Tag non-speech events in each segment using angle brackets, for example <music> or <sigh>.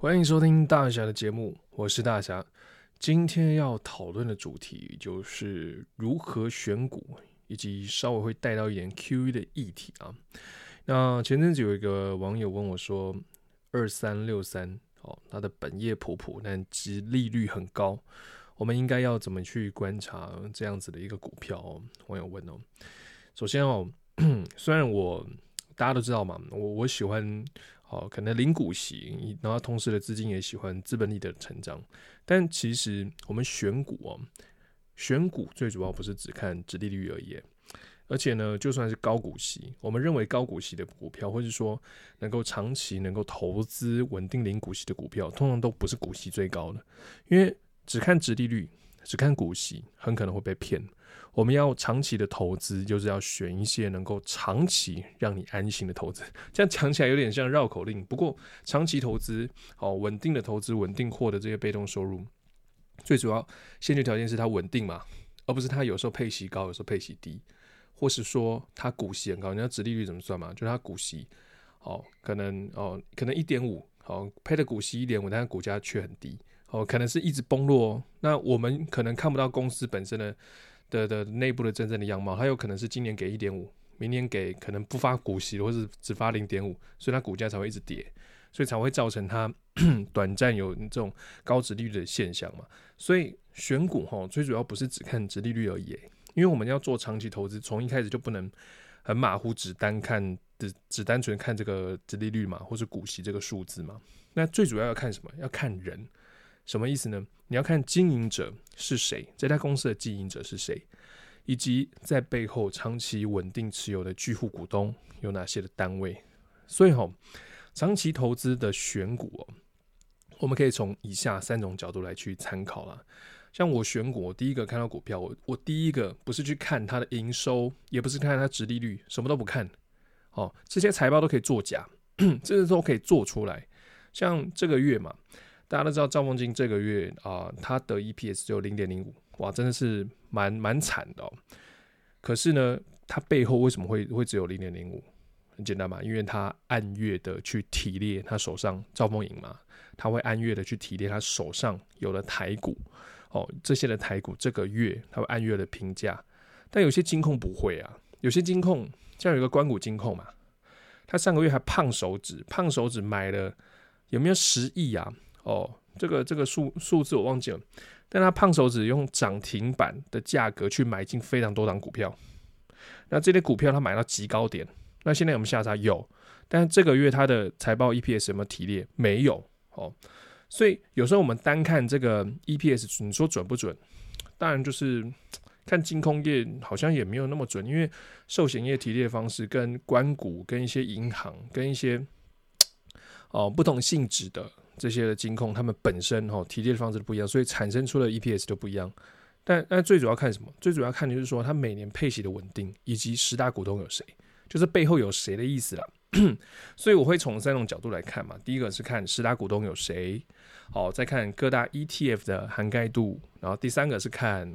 歡迎收聽大俠的節目，我是大俠。今天要討論的主題就是如何選股，以及稍微會帶到一點 QE 的議題啊。那前陣子有一個網友問我說：“二三六三哦，它的本業普普，但殖利率很高，我們應該要怎麼去觀察這樣子的一個股票哦？”網友問哦。首先哦，雖然我大家都知道嘛，我我喜歡。好、哦，可能零股息，然後同時的資金也喜歡資本利得的成長。但其實我們選股哦，選股最主要不是只看殖利率而已，而且呢，就算是高股息，我們認為高股息的股票，或者說能夠長期能夠投資穩定零股息的股票，通常都不是股息最高的，因為只看殖利率，只看股息，很可能會被騙。我們要長期的投資，就是要選一些能夠長期讓你安心的投資。這樣講起來有點像繞口令，不過長期投資，哦，穩定的投資，穩定獲得這些被動收入，最主要先決條件是它穩定嘛，而不是它有時候配息高，有時候配息低，或是說它股息很高。你要殖利率怎麼算嘛？就是它股息，哦，可能哦，可能一點五，哦，配的股息一點五，但是股價卻很低，哦，可能是一直崩落。那我們可能看不到公司本身的。的的內部的真正的樣貌，它有可能是今年給一點五，明年給可能不發股息，或是只發零點五，所以它股價才會一直跌，所以才會造成它短暫有這種高殖利率的現象嘛。所以選股哈，最主要不是只看殖利率而已，因為我們要做長期投資，從一開始就不能很馬虎只只，只單看只只單純看這個殖利率嘛，或是股息這個數字嘛。那最主要要看什麼？要看人。什麼意思呢？你要看經營者是誰，這家公司的經營者是誰，以及在背後長期穩定持有的巨戶股東有哪些的單位。所以，吼，長期投資的選股，我們可以從以下三種角度來去參考了。像我選股，我第一個看到股票，我我第一個不是去看它的營收，也不是看它殖利率，什麼都不看。好，這些財報都可以作假，甚至 <coughs> 都可以做出來。像這個月嘛。大家都知道兆豐金這個月啊、呃，他的 EPS 只有零點零五，哇，真的是蠻蠻慘的、哦。可是呢，他背後為什麼會會只有零點零五？很簡單嘛，因為他按月的去提列他手上兆豐金嘛，他會按月的去提列他手上有的台股哦，這些的台股這個月他會按月的評價。但有些金控不會啊，有些金控像有一個官股金控嘛，他上個月還胖手指，胖手指買了有沒有十億啊？哦，這個這個數數字我忘記了，但他胖手指用漲停板的價格去買進非常多檔股票，那這些股票他買到極高點，那現在我們下查有，但這個月他的財報 EPS 有沒有提列？沒有哦，所以有時候我們單看這個 EPS，你說準不準？當然就是看金控業好像也沒有那麼準，因為壽險業提列方式跟官股、跟一些銀行、跟一些哦不同性質的。這些的金控他們本身哈、喔、提煉的方式都不一樣，所以產生出的 EPS 就不一樣。但但最主要看什麼？最主要看就是說它每年配息的穩定，以及十大股東有誰，就是背後有誰的意思了。 <coughs> 所以我會從三種角度來看嘛。第一個是看十大股東有誰，好、喔，再看各大 ETF 的涵蓋度，然後第三個是看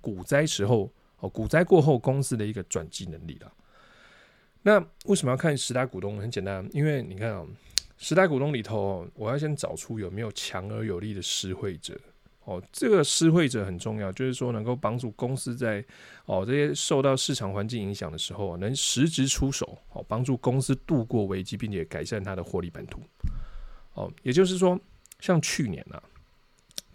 股災時候哦、喔，股災過後公司的一個轉機能力了。那為什麼要看十大股東？很簡單，因為你看啊、喔時代股東裡頭，我要先找出有沒有強而有力的施惠者哦。這個施惠者很重要，就是說能夠幫助公司在哦這些受到市場環境影響的時候，能實質出手哦，幫助公司度過危機，並且改善它的獲利版土哦。也就是說，像去年呢、啊，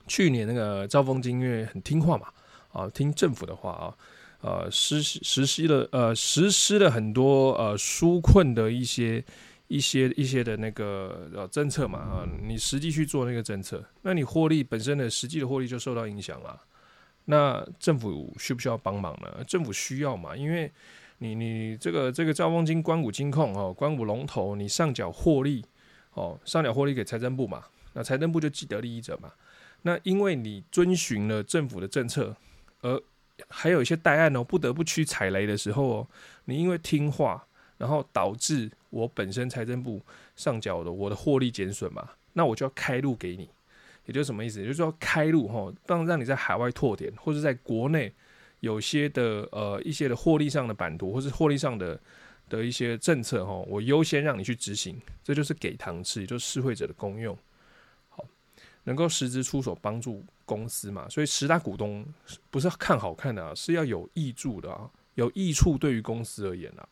去年那個兆豐金月很聽話嘛啊，聽政府的話啊，呃施實施了呃實施了很多呃紓困的一些。一些一些的那個呃政策嘛啊，你實際去做那個政策，那你獲利本身的實際的獲利就受到影響了。那政府需不需要幫忙呢？政府需要嘛，因為你你這個這個兆豐金、官股金控哦，官股龍頭，你上繳獲利哦，上繳獲利給財政部嘛，那財政部就既得利益者嘛。那因為你遵循了政府的政策，而還有一些代案哦，不得不去踩雷的時候哦，你因為聽話。然後導致我本身財政部上繳的我的獲利減損嘛，那我就要開路給你，也就是什麼意思？也就是說開路吼，讓讓你在海外拓點，或者在國內有些的呃一些的獲利上的版圖，或是獲利上的的一些政策哈，我優先讓你去執行，這就是給糖吃，也就是施惠者的功用，好，能夠實質出手幫助公司嘛。所以十大股東不是看好看的啊，是要有益處的啊，有益處對於公司而言啊。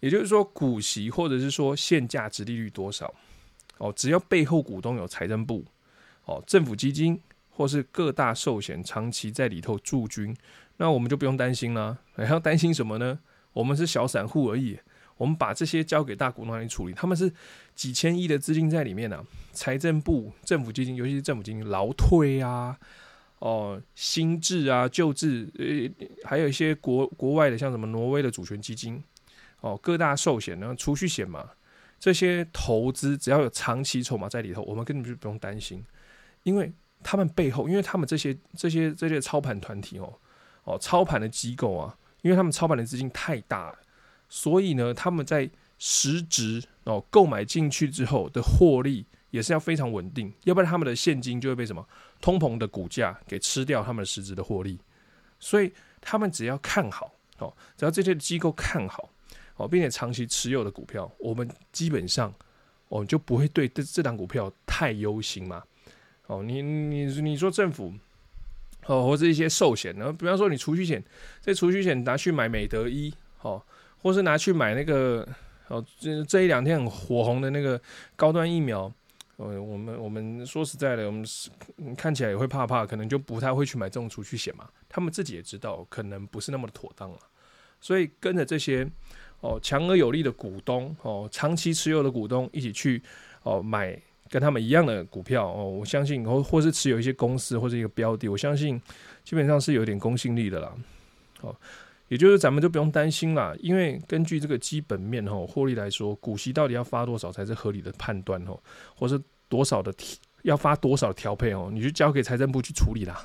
也就是說，股息或者是說現價殖利率多少，哦，只要背後股東有財政部，哦，政府基金或是各大壽險長期在裡頭駐軍，那我們就不用擔心啦。還要擔心什麼呢？我們是小散戶而已，我們把這些交給大股東來處理。他們是幾千億的資金在裡面呢、啊，財政部、政府基金，尤其是政府基金勞退啊，哦，新制啊、舊制，呃，還有一些國國外的，像什麼挪威的主權基金。哦，各大壽險然後儲蓄險嘛，這些投資只要有長期籌碼在裡頭，我們根本就不用擔心，因為他們背後，因為他們這些這些這些操盤團體哦，哦，操盤的機構啊，因為他們操盤的資金太大，所以呢，他們在實質哦購買進去之後的獲利也是要非常穩定，要不然他們的現金就會被什麼通膨的股價給吃掉，他們實質的獲利。所以他們只要看好，好，哦，只要這些機構看好。哦，並且長期持有的股票，我們基本上，我們就不會對這這檔股票太憂心嘛。哦，你你你說政府，哦，或者一些壽險，然後比方說你儲蓄險，這儲蓄險拿去買美德醫，哦，或是拿去買那個哦，這這一兩天很火紅的那個高端疫苗，哦，我們我們說實在的，我們看起來也會怕怕，可能就不太會去買這種儲蓄險嘛。他們自己也知道，可能不是那麼的妥當啊。所以跟着這些。哦，強而有力的股東哦，長期持有的股東一起去哦買跟他們一樣的股票哦，我相信或或是持有一些公司或是一個標的，我相信基本上是有點公信力的啦。哦，也就是咱們就不用擔心啦，因為根據這個基本面哦，獲利來說，股息到底要發多少才是合理的判斷哦，或是多少的調要發多少調配哦，你就交給財政部去處理啦。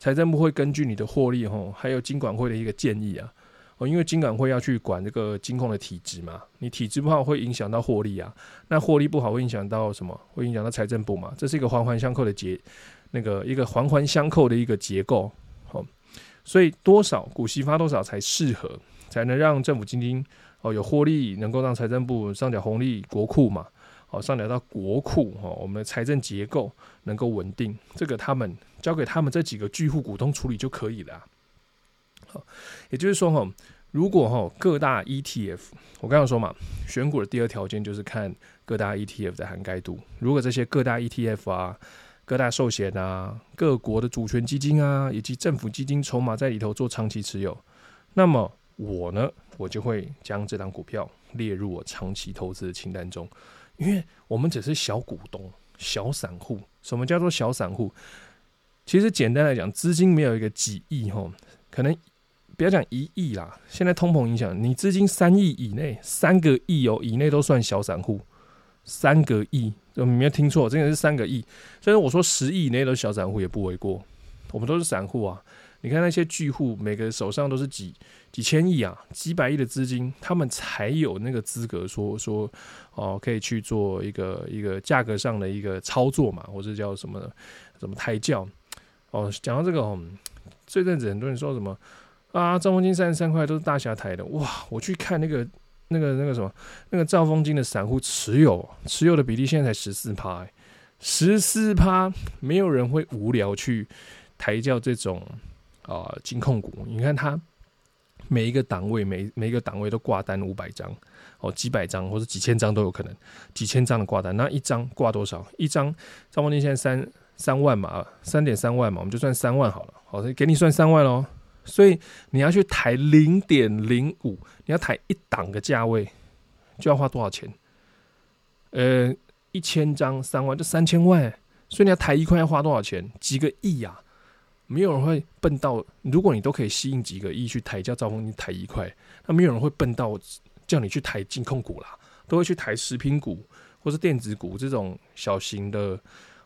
財政部會根據你的獲利哦，還有金管會的一個建議啊。哦，因為金管會要去管這個金控的體質嘛，你體質不好會影響到獲利啊，那獲利不好會影響到什麼？會影響到財政部嘛，這是一個環環相扣的結，那個一個環環相扣的一個結構。好、哦，所以多少股息發多少才適合，才能讓政府基金哦有獲利，能夠讓財政部上繳紅利國庫嘛，哦，上繳到國庫哦，我們的財政結構能夠穩定，這個他們交給他們這幾個巨戶股東處理就可以了、啊。也就是說，哈，如果哈各大 ETF，我剛剛說嘛，選股的第二條件就是看各大 ETF 的涵蓋度。如果這些各大 ETF 啊、各大壽險啊、各國的主權基金啊以及政府基金籌碼在裡頭做長期持有，那麼我呢，我就會將這檔股票列入我長期投資的清單中。因為我們只是小股東、小散戶。什麼叫做小散戶？其實簡單來講，資金沒有一個幾億，哈，可能。不要講一億啦，現在通膨影響你資金三億以內，三個億哦、喔、以內都算小散戶，三個億、喔，你沒有聽錯，真的是三個億。所以我說十億以內都小散戶也不為過，我們都是散戶啊。你看那些巨戶，每個手上都是幾幾千億啊，幾百億的資金，他們才有那個資格說說哦、喔，可以去做一個一個價格上的一個操作嘛，或者叫什麼的什麼抬轎哦，講、喔、到這個、喔，這陣子很多人說什麼。啊，兆豐金三十三塊都是大俠抬的，哇！我去看那個、那個、那個什麼，那個兆豐金的散戶持有持有的比例現在才十四趴，十四趴，沒有人會無聊去抬轎這種啊、呃、金控股。你看它每一個檔位每每一個檔位都掛單五百張，哦，幾百張或者幾千張都有可能，幾千張的掛單，那一張掛多少？一張兆豐金現在三三萬嘛，三點三萬嘛，我們就算三萬好了，好、哦，給你算三萬咯。所以你要去抬零點零五，你要抬一檔的價位，就要花多少錢？呃，一千張三萬，就三千萬。所以你要抬一塊要花多少錢？幾個億呀、啊！沒有人會笨到，如果你都可以吸引幾個億去抬，叫招風你抬一塊，那沒有人會笨到叫你去抬金控股啦，都會去抬食品股或是電子股這種小型的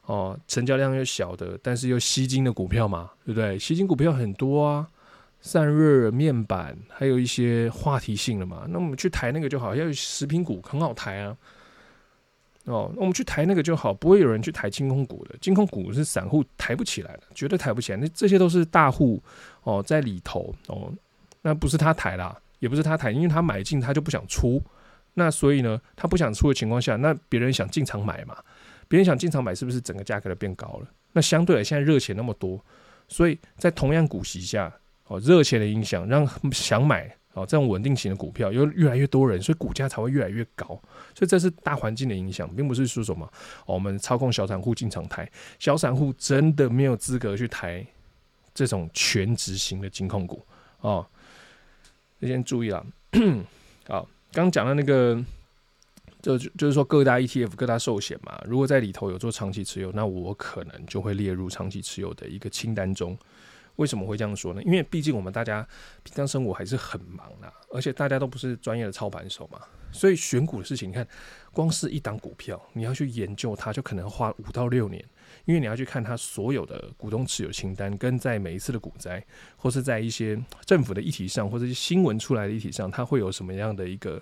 哦、呃，成交量又小的，但是又吸金的股票嘛，對不對？吸金股票很多啊。散熱面板還有一些話題性的嘛，那我們去抬那個就好。要有食品股很好抬啊，哦，我們去抬那個就好，不會有人去抬金控股的。金控股是散戶抬不起來的，絕對抬不起來。那這些都是大戶哦，在裡頭哦，那不是他抬啦，也不是他抬，因為他買進他就不想出，那所以呢，他不想出的情況下，那別人想進場買嘛，別人想進場買，是不是整個價格都變高了？那相對來，現在熱錢那麼多，所以在同樣股息下。哦，熱錢的影響讓想買哦這種穩定型的股票又越來越多人，所以股價才會越來越高。所以這是大環境的影響，並不是說什麼、哦、我們操控小散戶進場抬，小散戶真的沒有資格去抬這種權值型的金控股啊、哦。先注意啊，好，剛講到那個就就就是說各大 ETF、各大壽險嘛，如果在裡頭有做長期持有，那我可能就會列入長期持有的一個清單中。為什麼會這樣說呢？因為畢竟我們大家平常生活還是很忙的、啊，而且大家都不是專業的操盤手嘛，所以選股的事情你看，看光是一檔股票，你要去研究它，就可能花五到六年，因為你要去看它所有的股東持有清單，跟在每一次的股災，或是在一些政府的議題上，或者是新聞出來的議題上，它會有什麼樣的一個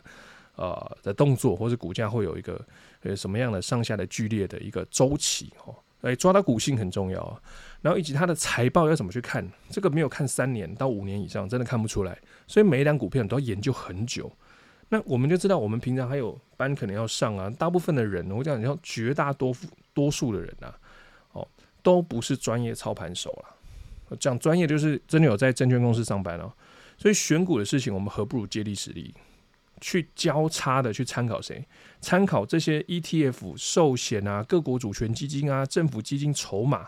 呃的動作，或者股價會有一個呃什麼樣的上下的劇烈的一個週期哦、哎，抓到股性很重要啊。然後以及它的財報要怎麼去看？這個沒有看三年到五年以上，真的看不出來。所以每一張股票你都要研究很久。那我們就知道，我們平常還有班可能要上啊。大部分的人，我講你要絕大多數多數的人啊，哦，都不是專業操盤手啊。講專業就是真的有在證券公司上班哦啊。所以選股的事情，我們何不如借力使力，去交叉的去參考誰？參考這些 ETF、壽險啊、各國主權基金啊、政府基金籌碼。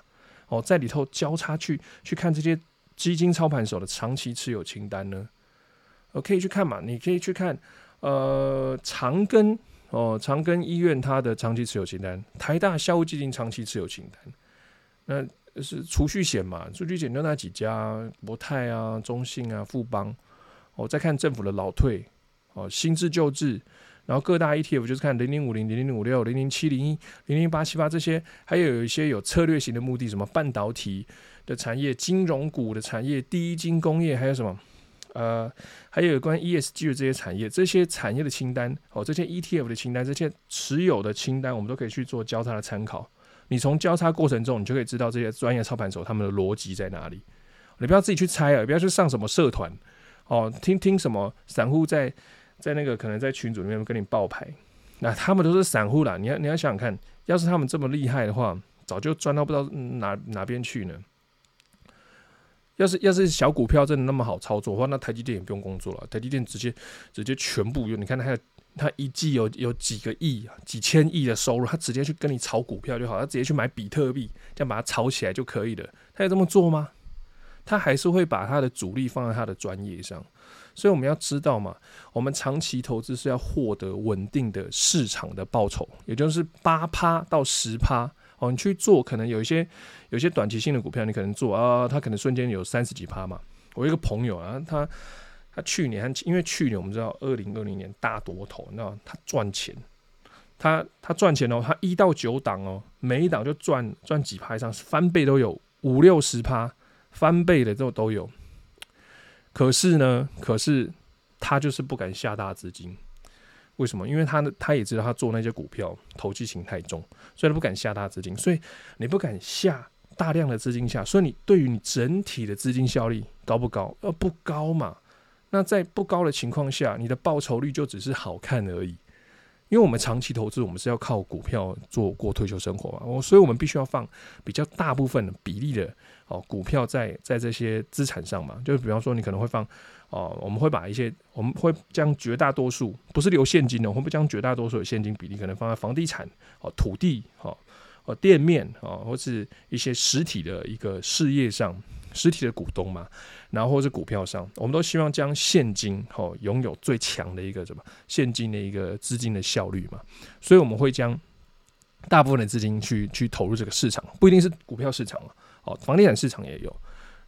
哦，在裡頭交叉去去看這些基金操盤手的長期持有清單呢，我、哦、可以去看嘛？你可以去看，呃，長庚哦，長庚醫院它的長期持有清單，台大校務基金長期持有清單，那是儲蓄險嘛？儲蓄險就那幾家，國泰啊，中信啊，富邦。我、哦、再看政府的老退哦，新制舊制。然後各大 ETF 就是看零零五零、零零五六、零零七零一、零零八七八這些，還有一些有策略型的目的，什麼半導體的產業、金融股的產業、第一金工業，還有什麼，呃，還有有關 ESG 的這些產業，這些產業的清單，哦，這些 ETF 的清單，這些持有的清單，我們都可以去做交叉的參考。你從交叉過程中，你就可以知道這些專業操盤手他們的邏輯在哪裡。你不要自己去猜啊，不要去上什麼社團，哦，聽聽什麼散戶在。在那個可能在群組裡面跟你報牌，那他們都是散戶啦。你要你要想想看，要是他們這麼厲害的話，早就賺到不知道哪哪邊去呢。要是要是小股票真的那麼好操作的話，那台積電也不用工作了。台積電直接直接全部用，你看他他一季有有幾個億、幾千億的收入，他直接去跟你炒股票就好，他直接去買比特幣，這樣把它炒起來就可以了。他有這麼做嗎？他還是會把他的主力放在他的專業上。所以我們要知道嘛，我們長期投資是要獲得穩定的市場的報酬，也就是八趴到十趴。哦，你去做，可能有一些、有些短期性的股票，你可能做啊、哦，它可能瞬間有三十幾趴嘛。我一個朋友啊，他他去年，因為去年我們知道二零二零年大多頭，你知道嗎？他賺錢，他他賺錢哦，他一到九檔哦，每一檔就賺賺幾趴，上翻倍都有，五六十趴翻倍的都都有。可是呢，可是他就是不敢下大資金，為什麼？因為他他也知道他做那些股票投機性太重，所以他不敢下大資金。所以你不敢下大量的資金下，所以你對於你整體的資金效率高不高？呃，不高嘛。那在不高的情況下，你的報酬率就只是好看而已。因為我們長期投資，我們是要靠股票做過退休生活嘛，我所以我們必須要放比較大部分的比例的。哦，股票在在這些資產上嘛，就是比方說你可能會放，哦，我們會把一些，我們會將絕大多數不是留現金的、哦，我們會將絕大多數的現金比例可能放在房地產、哦土地、哈、哦、哦店面啊，或是一些實體的一個事業上，實體的股東嘛，然後或是股票上，我們都希望將現金哦擁有最強的一個什麼現金的一個資金的效率嘛，所以我們會將。大部分的資金去去投入這個市場，不一定是股票市場哦，房地產市場也有。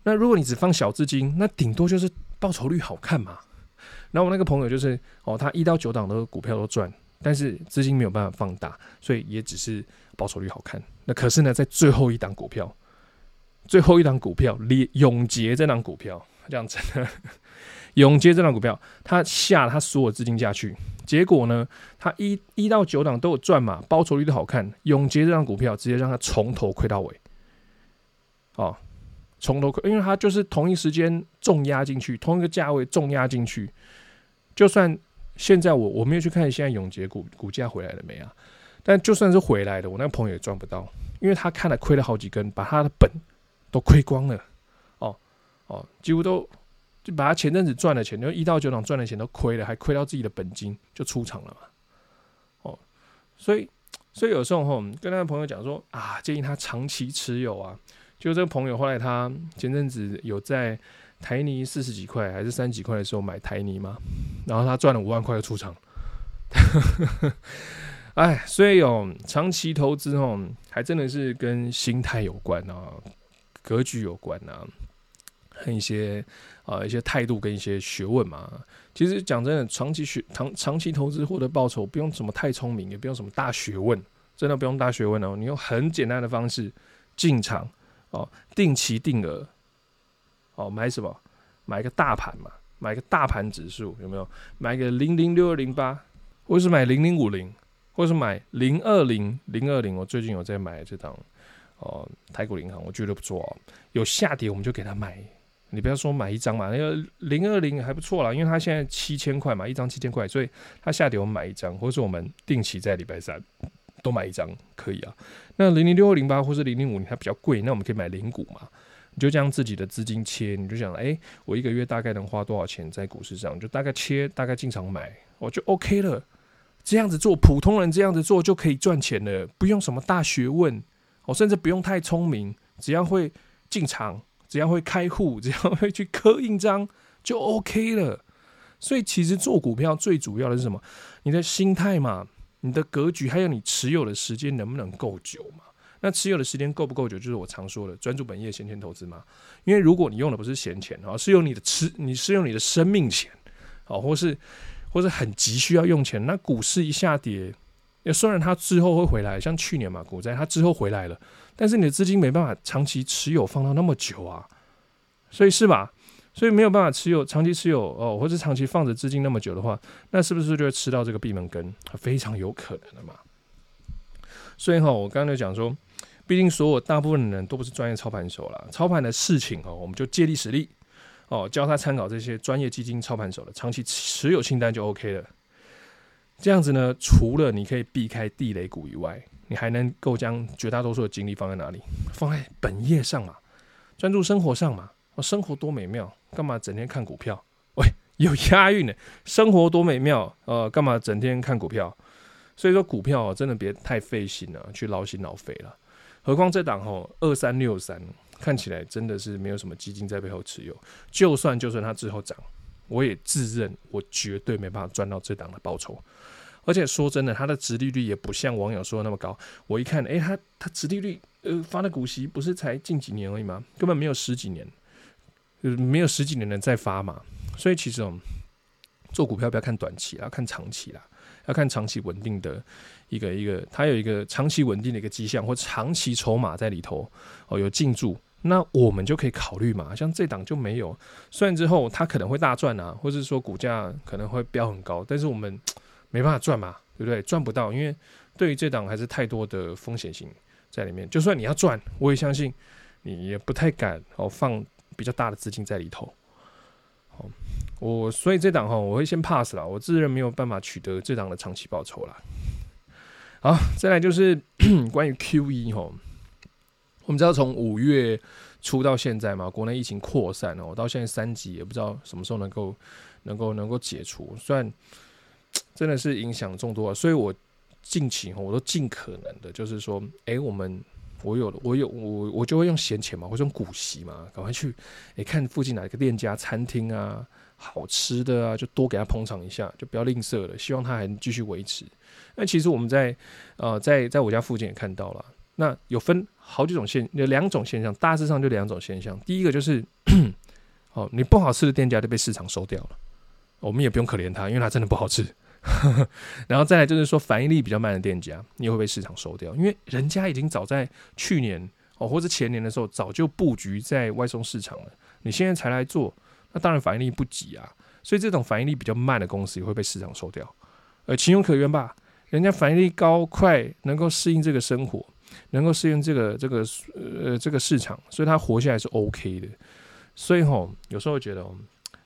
那如果你只放小資金，那頂多就是報酬率好看嘛。然後我那個朋友就是，哦，他一到九檔的股票都賺，但是資金沒有辦法放大，所以也只是報酬率好看。那可是呢，在最後一檔股票，最後一檔股票，李永劫這檔股票，這樣子呢永杰這張股票，他下了他所有資金下去，結果呢，他一一到九檔都有賺嘛，報酬率都好看。永杰這張股票直接讓他從頭虧到尾，哦，從頭虧，因為他就是同一時間重壓進去，同一個價位重壓進去，就算現在我我沒有去看現在永杰股股價回來了沒啊，但就算是回來的，我那個朋友也賺不到，因為他看了虧了好幾根，把他的本都虧光了，哦哦，幾乎都。就把他前陣子賺的錢，就一到九檔賺的錢都虧了，還虧到自己的本金，就出場了嘛。哦，所以，所以有時候吼，跟他的朋友講說啊，建議他長期持有啊。就這個朋友後來他前陣子有在台泥四十幾塊還是三十幾塊的時候買台泥嘛，然後他賺了五萬塊就出場。 <laughs> 哎，所以有長期投資吼，還真的是跟心態有關啊，格局有關啊。一些啊、呃，一些態度跟一些學問嘛。其實講真的，長期學長長期投資獲得報酬，不用什麼太聰明，也不用什麼大學問，真的不用大學問哦、啊。你用很簡單的方式進場哦，定期定額哦，買什麼？買一個大盤嘛，買一個大盤指數有沒有？買個零零六二零八，或是買零零五零，或是買零二零零二零。我最近有在買這檔哦，台股銀行，我覺得不錯哦。有下跌我們就給他買。你不要說買一張嘛，那個零二零還不錯啦，因為它現在七千塊嘛，一張七千塊，所以它下跌，我們買一張，或者我們定期在禮拜三都買一張，可以啊。那零零六二零八或是零零五，它比較貴，那我們可以買零股嘛？你就將自己的資金切，你就想，哎、欸，我一個月大概能花多少錢在股市上？就大概切，大概進場買，我、哦、就 OK 了。這樣子做，普通人這樣子做就可以賺錢了，不用什麼大學問，我、哦、甚至不用太聰明，只要會進場。只要會開戶，只要會去刻印章就 OK 了。所以其實做股票最主要的是什麼？你的心態嘛，你的格局，還有你持有的時間能不能夠久嘛？那持有的時間夠不夠久，就是我常說的專注本業，閒錢投資嘛。因為如果你用的不是閒錢而是用你的吃，你是用你的生命錢或是或是很急需要用錢，那股市一下跌，雖然它之後會回來，像去年嘛股災，它之後回來了。但是你的資金沒辦法長期持有放到那麼久啊，所以是吧？所以沒有辦法持有長期持有哦，或者長期放着資金那麼久的話，那是不是就會吃到這個閉門羹？非常有可能的嘛。所以哈、哦，我剛剛就講說，畢竟所有大部分的人都不是專業操盤手了，操盤的事情哦，我們就借力使力哦，教他參考這些專業基金操盤手的長期持有清單就 OK 了。這樣子呢，除了你可以避開地雷股以外。你還能夠將絕大多數的精力放在哪裡？放在本業上嘛，專注生活上嘛、哦。生活多美妙，幹嘛整天看股票？喂，有押韻呢！生活多美妙。呃，幹嘛整天看股票？所以說，股票、哦、真的別太費心了、啊，去勞心勞肺了。何況這檔吼二三六三，2363, 看起來真的是沒有什麼基金在背後持有。就算就算它之後漲，我也自認我絕對沒辦法賺到這檔的報酬。而且說真的，它的殖利率也不像網友說的那麼高。我一看，哎、欸，它它殖利率，呃，發的股息不是才近幾年而已嗎？根本沒有十幾年，呃、沒有十幾年能在發嘛。所以其實、哦、做股票不要看短期啦，要看長期啦，要看長期穩定的一個一個，它有一個長期穩定的一個跡象或長期籌碼在裡頭哦，有進駐，那我們就可以考慮嘛。像這檔就沒有，雖然之後它可能會大賺啊，或者是說股價可能會飆很高，但是我們。沒辦法賺嘛，對不對？賺不到，因為對於這檔還是太多的風險性在裡面。就算你要賺，我也相信你也不太敢哦，放比較大的資金在裡頭。好，我所以這檔哈、哦，我會先 pass 了。我自認沒有辦法取得這檔的長期報酬了。好，再來就是關於 QE 哦，我們知道從五月初到現在嘛，國內疫情擴散哦，我到現在三級也不知道什麼時候能夠能夠能夠解除，雖然。真的是影響眾多，所以我近期吼我都盡可能的，就是說，誒、欸，我們我有我有我我就會用閒錢嘛，會用股息嘛，趕快去誒、欸，看附近哪個店家、餐廳啊，好吃的啊，就多給他捧場一下，就不要吝嗇了。希望他還繼續維持。那其實我們在呃在在我家附近也看到了，那有分好幾種現有兩種現象，大致上就兩種現象。第一個就是哦、 <coughs> 呃，你不好吃的店家就被市場收掉了，我們也不用可憐他，因為他真的不好吃。 <laughs> 然後再來就是說，反應力比較慢的店家，也會被市場收掉，因為人家已經早在去年哦，或者前年的時候，早就布局在外送市場了。你現在才來做，那當然反應力不及啊。所以這種反應力比較慢的公司也會被市場收掉。而情有可原吧，人家反應力高快，能夠適應這個生活，能夠適應這個這個呃這個市場，所以它活下來是 OK 的。所以吼，有時候覺得哦，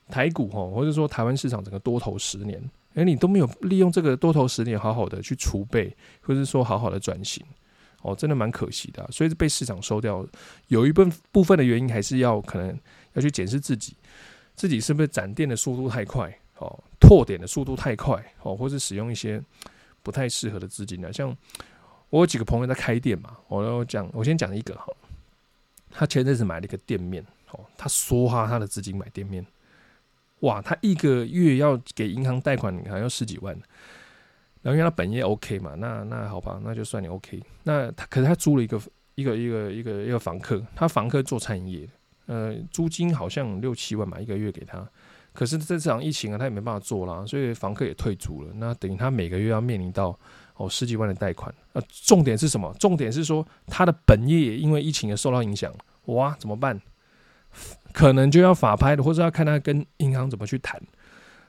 台股吼，或者說台灣市場整個多頭十年。哎，你都沒有利用這個多頭十年好好的去儲備，或者說好好的轉型，哦，真的蠻可惜的、啊。所以被市場收掉，有一部分的原因還是要可能要去檢視自己，自己是不是展店的速度太快，哦，拓點的速度太快，哦，或者使用一些不太適合的資金呢、啊？像我有幾個朋友在開店嘛，我要講，我先講一個哈，他前陣子買了一個店面，哦，他梭哈，他的資金買店面。哇，他一個月要給銀行貸款，好像要十幾萬。然後因為他本業 OK 嘛，那那好吧，那就算你 OK。那他可是他租了一個一個一個一個一個房客，他房客做餐飲業，呃，租金好像六七萬吧，一個月給他。可是這場疫情啊，他也沒辦法做了，所以房客也退租了。那等於他每個月要面臨到哦十幾萬的貸款。啊、呃，重點是什麼？重點是說他的本業因為疫情而受到影響。哇，怎麼辦？可能就要法拍的，或者要看他跟銀行怎麼去談。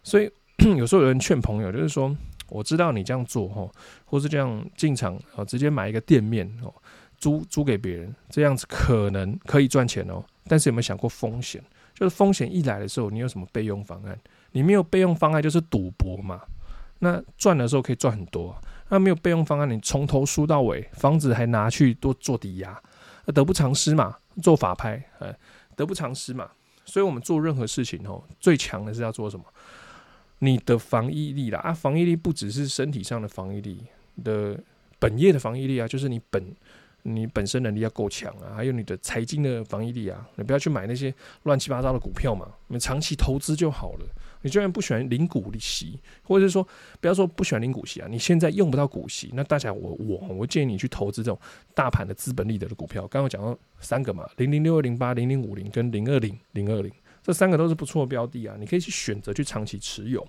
所以 <coughs> 有時候有人勸朋友，就是說，我知道你這樣做，或是這樣進場，直接買一個店面哦，租租給別人，這樣子可能可以賺錢哦。但是有沒有想過風險？就是風險一來的時候，你有什麼備用方案？你沒有備用方案，就是賭博嘛。那賺的時候可以賺很多，那沒有備用方案，你從頭輸到尾，房子還拿去多做抵押，得不償失嘛。做法拍，欸。得不償失嘛，所以我們做任何事情哦，最強的是要做什麼？你的防疫力啦，啊，防疫力不只是身體上的防疫力，你的本業的防疫力啊，就是你本你本身能力要夠強啊，還有你的財經的防疫力啊，你不要去買那些亂七八糟的股票嘛，你長期投資就好了。你居然不喜歡領股息，或者是說不要說不喜歡領股息啊，你現在用不到股息，那大家我我我建議你去投資這種大盤的資本利得的股票。剛剛講到三個嘛，零零六二零八、零零五零跟零二零零二零，這三個都是不錯的標的啊，你可以去選擇去長期持有。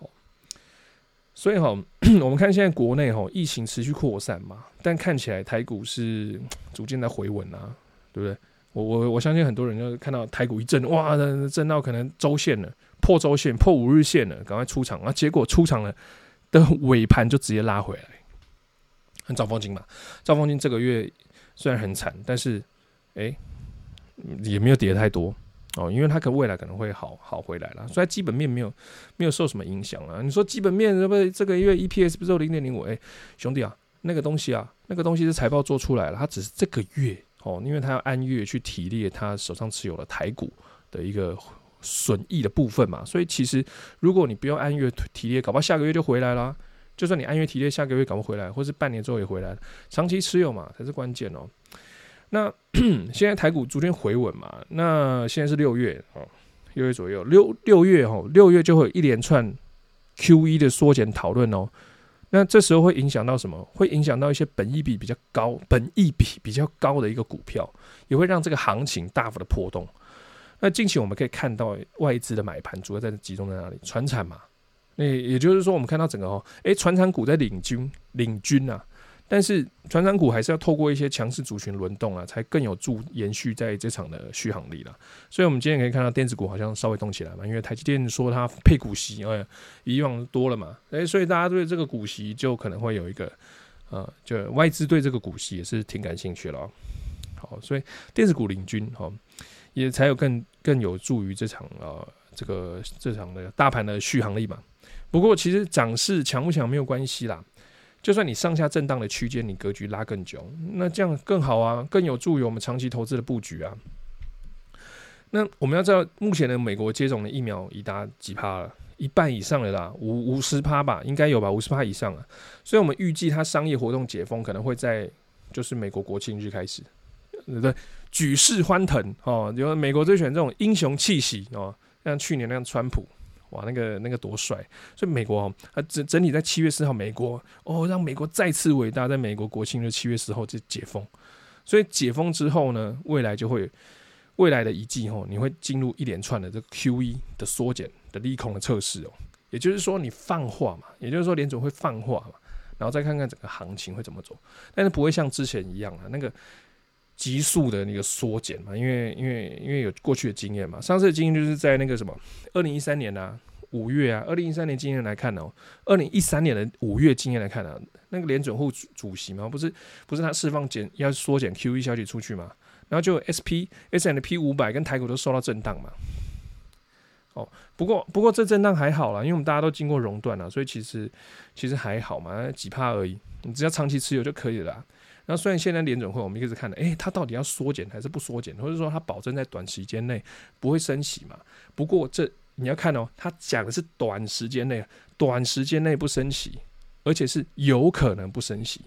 哦、所以哈、哦， <coughs> 我們看現在國內哈、哦、疫情持續擴散嘛，但看起來台股是逐漸的回穩啊，對不對？我我我相信很多人就看到台股一震，哇，震到可能週線了，破週線，破五日線了，趕快出場啊！結果出場了，的尾盤就直接拉回來，很兆豐金嘛。兆豐金這個月雖然很慘，但是哎、欸，也沒有跌太多哦，因為他可未來可能會好好回來了。雖然基本面沒有沒有受什麼影響啊，你說基本面是不是這個月 EPS 不是零點零五？哎，兄弟啊，那個東西啊，那個東西是財報做出來了，它只是這個月。哦，因為他要按月去提列他手上持有的台股的一個損益的部分嘛，所以其實如果你不用按月提列，搞不好下個月就回來啦、啊。就算你按月提列，下個月搞不回來，或是半年之後也回來，長期持有嘛才是關鍵哦、喔。那 <coughs> 現在台股逐漸回穩嘛，那現在是六月啊，六月左右六六月哈，六月就會有一連串 QE 的縮減討論哦。那這時候會影響到什麼？會影響到一些本益比比較高，本益比比較高的一個股票，也會讓這個行情大幅的波動。那近期我們可以看到外資的買盤主要在集中在哪裡？傳產嘛。那也就是說，我們看到整個哦，哎、欸，傳產股在領軍，領軍啊。但是，傳產股還是要透過一些強勢族群輪動啊，才更有助延續在這場的續航力啦。所以，我們今天可以看到電子股好像稍微動起來了嘛，因為台積電說它配股息，因為、欸、以往多了嘛，哎、欸，所以大家對這個股息就可能會有一個，呃，就外資對這個股息也是挺感興趣了。好，所以電子股領軍哈、哦，也才有更更有助於這場呃這個這場的大盤的續航力嘛。不過，其實漲勢強不強沒有關係啦。就算你上下震盪的區間，你格局拉更久，那這樣更好啊，更有助於我們長期投資的布局啊。那我們要知道，目前的美國接種的疫苗已達幾趴了？一半以上的啦，五五十趴吧，應該有吧，五十趴以上了，啊。所以，我們預計它商業活動解封可能會在就是美國國慶日開始。對，對舉世歡騰哦，因為美國最喜歡這種英雄氣息哦，像去年那樣川普。哇，那個那個多帥！所以美國哦，整整體在七月四號，美國哦，讓美國再次偉大。在美國國慶的七月四號就解封，所以解封之後呢，未來就會未來的一季哦，你會進入一連串的這個 QE 的縮減的利空的測試哦。也就是說，你放話嘛，也就是說聯準會放話嘛，然後再看看整個行情會怎麼走，但是不會像之前一樣啊，那個。急速的那個縮減嘛，因為因為因為有過去的經驗嘛，上次的經驗就是在那個什麼，二零一三年吶、啊，五月啊，二零一三年經驗來看哦、喔，二零一三年的五月經驗來看啊，那個聯準會主席嘛，不是不是他釋放減要縮減 QE 消息出去嘛，然後就 SP S 的 P 五百跟台股都受到震盪嘛，哦、喔，不過不過這震盪還好啦，因為我們大家都經過熔斷了，所以其實其實還好嘛，那幾趴而已，你只要長期持有就可以了啦。那雖然現在聯準會我們一直看的，誒、欸，它到底要縮減還是不縮減，或者說它保證在短時間內不會升息嘛？不過這你要看哦，他講的是短時間內，短時間內不升息，而且是有可能不升息，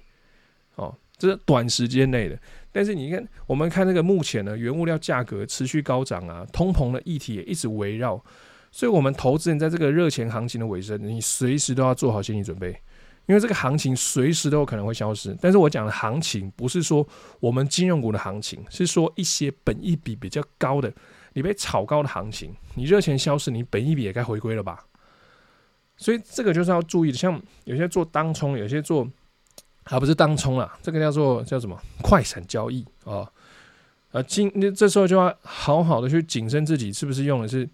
哦，這是短時間內的，但是你看，我們看這個目前呢，原物料價格持續高漲啊，通膨的議題也一直圍繞，所以，我們投資人在這個熱錢行情的尾聲，你隨時都要做好心理準備。因為這個行情隨時都有可能會消失，但是我講的行情不是說我們金融股的行情，是說一些本益比比較高的，你被炒高的行情，你熱錢消失，你本益比也該回歸了吧？所以這個就是要注意的，像有些做當沖，有些做啊，不是當沖啊，這個叫做叫什麼？快閃交易啊，哦，啊，今你這時候就要好好的去謹慎自己是不是用的是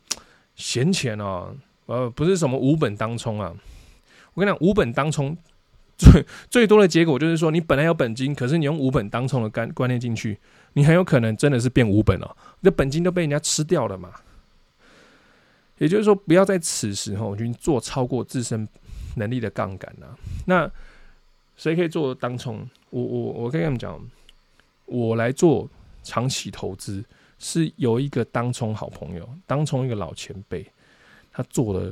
閒錢，哦、啊，呃，不是什麼無本當沖啊。我跟你講，無本當沖最最多的結果就是說，你本來有本金，可是你用無本當沖的概觀念進去，你很有可能真的是變無本了，你的本金都被人家吃掉了嘛。也就是說，不要在此時候就做超過自身能力的槓桿了。那誰可以做當沖？我我我跟你們講，我來做長期投資是有一個當沖好朋友，當沖一個老前輩，他做了。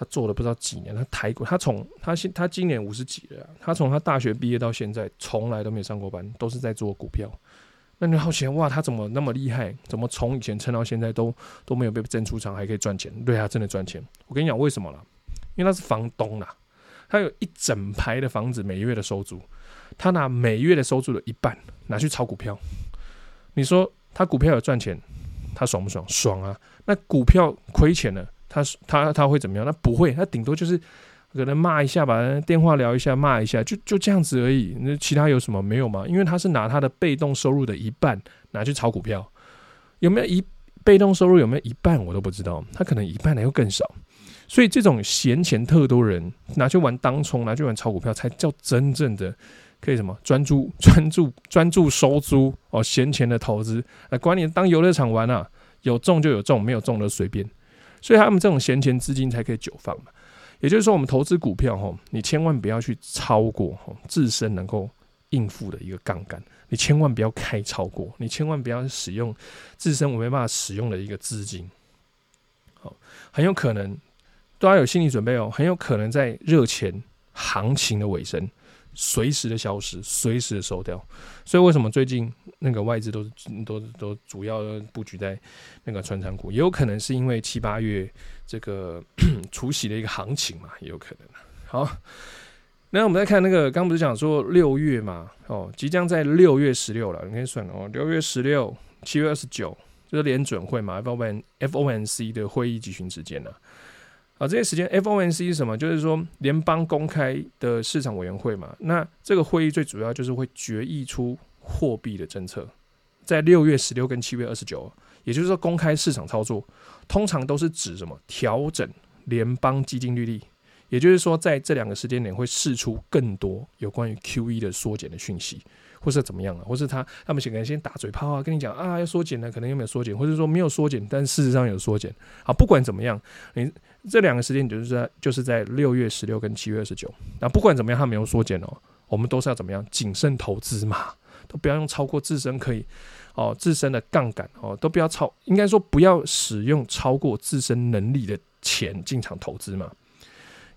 他做了不知道幾年，他台股，他從，他現，他今年五十幾了，他從他大學畢業到現在，從來都沒有上過班，都是在做股票。那你好奇，哇，他怎麼那麼厲害？怎麼從以前撐到現在都，都都沒有被震出場，還可以賺錢？對啊，真的賺錢。我跟你講，為什麼啦？因為他是房東啦，他有一整排的房子，每月的收租，他拿每月的收租的一半拿去炒股票。你說他股票有賺錢，他爽不爽？爽啊！那股票虧錢了。他他他會怎麼樣？他不會，他頂多就是可能罵一下吧，電話聊一下，罵一下，就就這樣子而已。那其他有什麼沒有嗎？因為他是拿他的被動收入的一半拿去炒股票，有沒有一被動收入？有沒有一半？我都不知道。他可能一半還會更少，所以這種閒錢特多人拿去玩當沖，拿去玩炒股票，才叫真正的可以什麼專注專注專注收租哦，閒錢的投資啊，管你當遊樂場玩啊，有中就有中，沒有中的隨便。所以他們這種閒錢資金才可以久放嘛，也就是說，我們投資股票吼，你千萬不要去超過吼，自身能夠應付的一個槓桿，你千萬不要開超過，你千萬不要使用自身我沒辦法使用的一個資金，好，很有可能大家有心理準備哦、喔，很有可能在熱錢行情的尾聲。隨時的消失，隨時的收掉，所以為什麼最近那個外資都都都主要布局在那個券商股，也有可能是因為七八月這個 <coughs> 除息的一個行情嘛，也有可能。好，那我們再看那個，剛不是講說六月嘛，哦，即將在六月十六了，你可以算哦，六月十六、七月二十九，就是聯準會嘛，FOMC 的會議舉行時間呢、啊。啊，這些時間，FOMC 是什麼？就是說聯邦公開的市場委員會嘛。那這個會議最主要就是會決議出貨幣的政策。在六月十六跟七月二十九，也就是說公開市場操作，通常都是指什麼？調整聯邦基金利率。也就是說，在這兩個時間點會釋出更多有關於 QE 的縮減的訊息，或是怎麼樣了、啊，或是他他們幾個人先打嘴炮啊，跟你講啊要縮減呢，可能有沒有縮減，或者說沒有縮減，但事實上有縮減。啊不管怎麼樣，你這兩個時間就是在就是在六月十六跟七月二十九。那不管怎麼樣，他沒有縮減哦，我們都是要怎麼樣謹慎投資嘛，都不要用超過自身可以哦自身的槓桿哦，都不要超，應該說不要使用超過自身能力的錢進場投資嘛。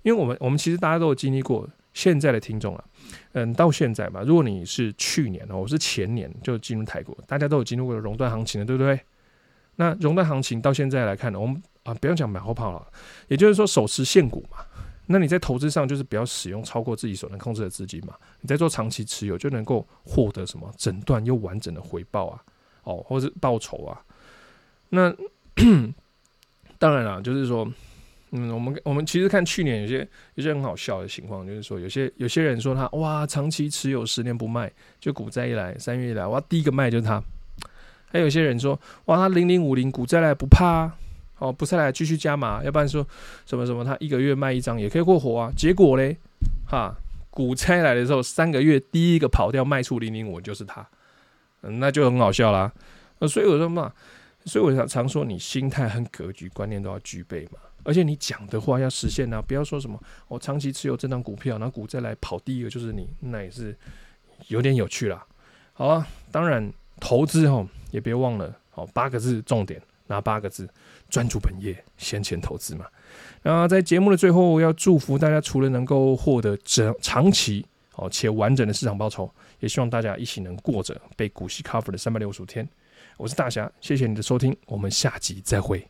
因為我們，我們其實大家都有經歷過，現在的聽眾啊，嗯，到現在嘛，如果你是去年，哦、我是前年就進入台股，大家都有經歷過熔斷行情的，對不對？那熔斷行情到現在來看呢，我們啊，不用講馬後炮了，也就是說，手持現股嘛，那你在投資上就是不要使用超過自己所能控制的資金嘛，你在做長期持有就能夠獲得什麼整段又完整的回報啊，哦，或者報酬啊。那 <coughs> 當然了、啊，就是說。嗯，我們我們其實看去年有些有些很好笑的情況，就是說有些有些人說他哇，長期持有十年不賣，就股災一來，三月一來，哇，第一個賣就是他。還有些人說哇，他零零五零股災來不怕啊，哦，不再來繼續加碼，要不然說什麼什麼，他一個月賣一張也可以過活啊。結果嘞，哈，股災來的時候三個月第一個跑掉賣出零零五就是他。嗯，那就很好笑啦。那所以我說嘛，所以我想常說，你心態和格局觀念都要具備嘛。而且你講的話要實現吶、啊，不要說什麼我、哦、長期持有這檔股票，那股災來跑第一個就是你，那也是有點有趣啦。好啊，當然投資吼、哦、也別忘了哦，八個字重點，拿八個字專注本業，閒錢投資嘛。那在節目的最後我要祝福大家，除了能夠獲得長長期哦且完整的市場報酬，也希望大家一起能過着被股息 cover 的三百六十五天。我是大俠，謝謝你的收聽，我們下集再會。